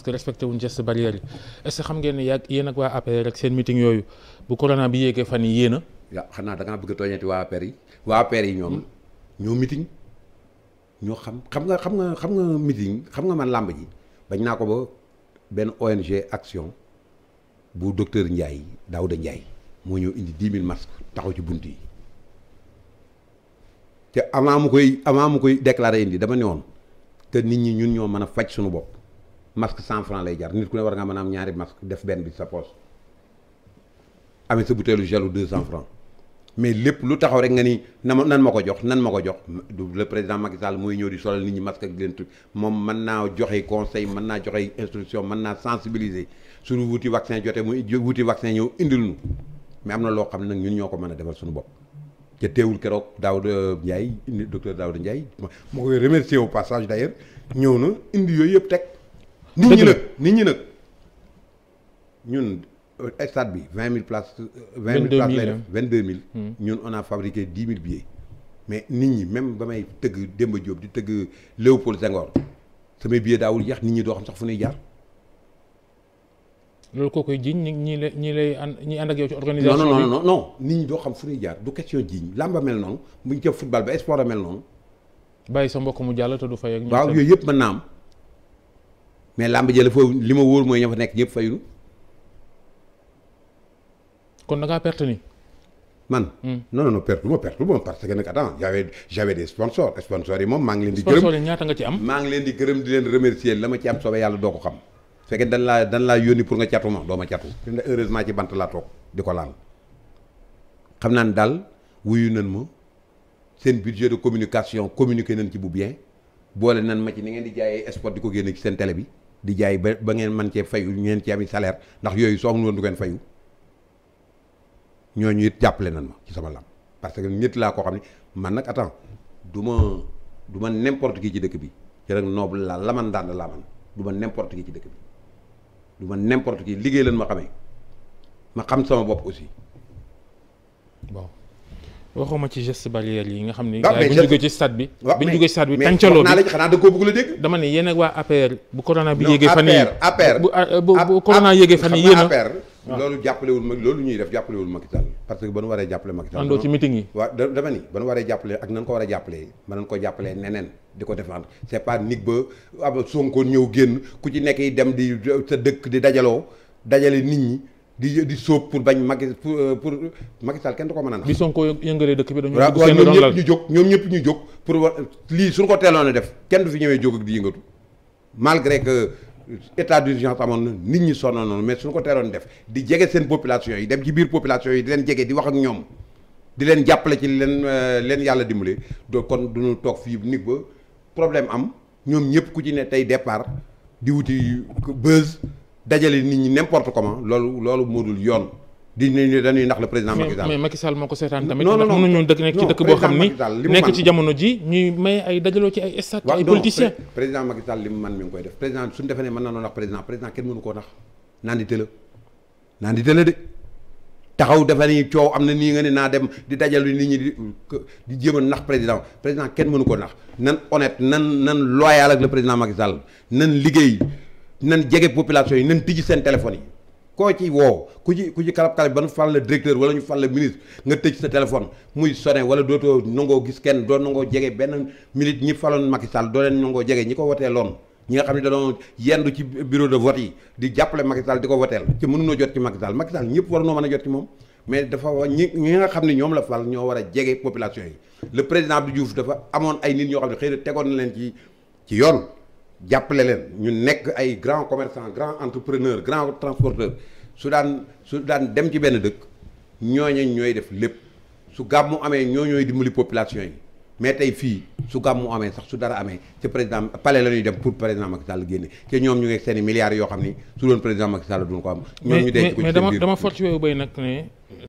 parce que respecté wuñ geste barrière yi est ce que xam ngeen ne yàgg yéen ak waa APR rek seen meeting yooyu bu corona bi yéegee fan yi yéen a. waaw xanaa da bëgg a waa APR yi waa APR yi ñoom hmm. ñoo meeting ñoo xam xam nga xam nga xam nga meeting xam nga man làmb ji bañ naa ko ba benn ONG action bu docteur Ndiaye Daouda Ndiaye moo ñëw indi 10 000 taxaw ci bunt yi te avant mu koy avant mu koy déclaré indi dama ne woon te nit ñi ñun ñoo mën a faj suñu bopp. masque cent franc lay jar nit ku ne war nga mën a am ñaari masque def benn bi sa poche amee sa butéelu gelu deux cent franc mais lépp lu taxaw rek nga ni na ma nan ma ko jox nan ma ko jox du le président Macky Sall mooy ñëw di solal nit ñi masque ak moom man naa joxe conseil mën naa joxe instruction mën naa sensibiliser suñu wuti vaccin jotee muy wuti vaccin ñëw indil ñu mais am na loo xam ne nag ñun ñoo ko mën a defal suñu bopp te teewul keroog Daouda Ndiaye docteur Daouda Ndiaye ma koy remercier au passage d'ailleurs ñëw na indi yooyu yëpp teg nit ñi nag nit ñi nag ñun euh, stade bi vingt mille places. Euh, vingt mille places lay def deux mille. ñun a fabriqué dix mille billets. mais nit ñi même ba may tëgg Demba Diop di tëgg Léopold Senghor samay billets daawul jeex nit ñi doo xam sax fu ñuy jaar. loolu koo koy jiñ ñi ñi lay ñi lay ànd ñi ànd ak yow ci organisation bi non non nit ñi doo xam fu ñuy jaar du question jiñ làmba mel noonu buñ ca football ba sport a mel noonu. bàyyi sa mbokk mu jàll te du fay ak. ñoom waaw yooyu yëpp mën naam mais làmb jële foofu li ma wóor mooy ña fa nekk ñëpp fayuñu. kon nag a perte nii. man. Hmm. non non non perte du ma perte du ma parce que nag attends j'avais j'avais des sponsors sponsors yi moom maa ngi leen di. gërëm nga ci am. maa ngi leen di gërëm di leen remercier la ma ci am soobee yàlla doo ko xam. fekkee dan laa dan laa yónni pour nga catu ma doo ma catu heureusement ci bant laa toog di ko laal xam naa ne daal wuyu nan ma seen budget de communication communiqué nañ ci bu bien boole nan ma ci ni ngeen di jaayee sport di ko génne ci seen télé di jaay ba ba ngeen man cee fayu ngeen ci ami salaire ndax yooyu soo amul woon du ngeen fayu ñooñu it jàppale nan ma ci sama lam parce que nit laa ko xam ne man nag attends du ma du ma n'importe qui ci dëkk bi ci rek noobu la laman daan laa du ma n'importe qui ci dëkk bi du ma n'importe qui liggéey leen ma xamee ma xam sama bopp aussi bon waxuma ci geste barrière yi nga xam ni. ne yéen ak waa APR bu corona bi yéegee fan a. APR loolu def jàppalewul Macky Sall parce que ba nu waree jàppale Macky Sall. àndoo ci meeting ak nan ko war a jàppalee mën nañu ko jàppalee neneen. di ko défendre c' est pas nig ba ab Sonko ñëw génn ku ci nekk yi dem di sa dëkk di dajaloo dajale nit ñi di di sóob pour bañ Macky euh, pour Macky Sall kenn du ko mën a nax. bi Sonko yëngalee dëkk bi dañoo dugg seen ñoom ñëpp ñu jóg ñoom ñëpp ñu ko teeloon def kenn du fi ñëwee jóg ak di yëngatu malgré que état d'urgence amoon na nit ñi sonnoon noonu mais suñu ko teeloon def di jege seen population yi dem ci biir population yi di leen jege di wax ak ñoom di leen jàppale ci leen euh, leen yàlla dimbale doo kon du duñu toog fii ni ba problème am ñoom ñëpp ku ci ne tey départ di wuti buzz dajale nit ñi n'importe comment loolu loolu moo dul yoon di ñu dañuy nax le président Macky Sall mais Macky Sall moo ko seetaan tamit non non non mënuñu dëkk nekk ci dëkk boo xam ni nekk ci jamono ji ñuy may ay dajaloo ci ay stat ay politiciens di tëla am na nii nga naa dem di dajalu nit ñi di di jéem a nax président président kenn mënu ko nax nan honnête nan nan loyal ak le président Macky Sall nan liggéey nan jege population yi nan tijji seen téléphone yi koo ci woo ku ci ku ci kalab kalab ba nu fal la directeur wala ñu fal la ministre nga tëj sa téléphone muy sonné wala dootoo nangoo gis kenn doo nangoo jege benn minute ñi faloon Macky Sall doo leen nangoo jege ñi ko wotee loon ñi nga xam ne dañoo yendu ci bureau de vote yi di jàppale Macky Sall di ko woteel ci mënunoo jot ci Macky Sall Macky Sall ñëpp war noo mën a jot ci moom mais dafa ñi ñi nga xam ne ñoom la fal ñoo war a jege population yi le président Abdou dafa amoon ay nit ñoo xam ne xëy na tegoon na leen ci ci yoon jàppale leen ñu nekk ay grand commerçant grand entrepreneur grand transporteur su daan su daan dem ci benn dëkk ñooñu ñooy def lépp su gàmmu amee ñoo ñooy dimbali population yi mais tey fii su gàmmu amee sax su dara amee ci président palais la ñuy dem pour président Macky Sall génne te ñoom ñu ngi seen i yoo xam ni su doon président Macky Sall duñ ko am. ñoom ñu denc ko ci mais dama dama fort bay nag ne.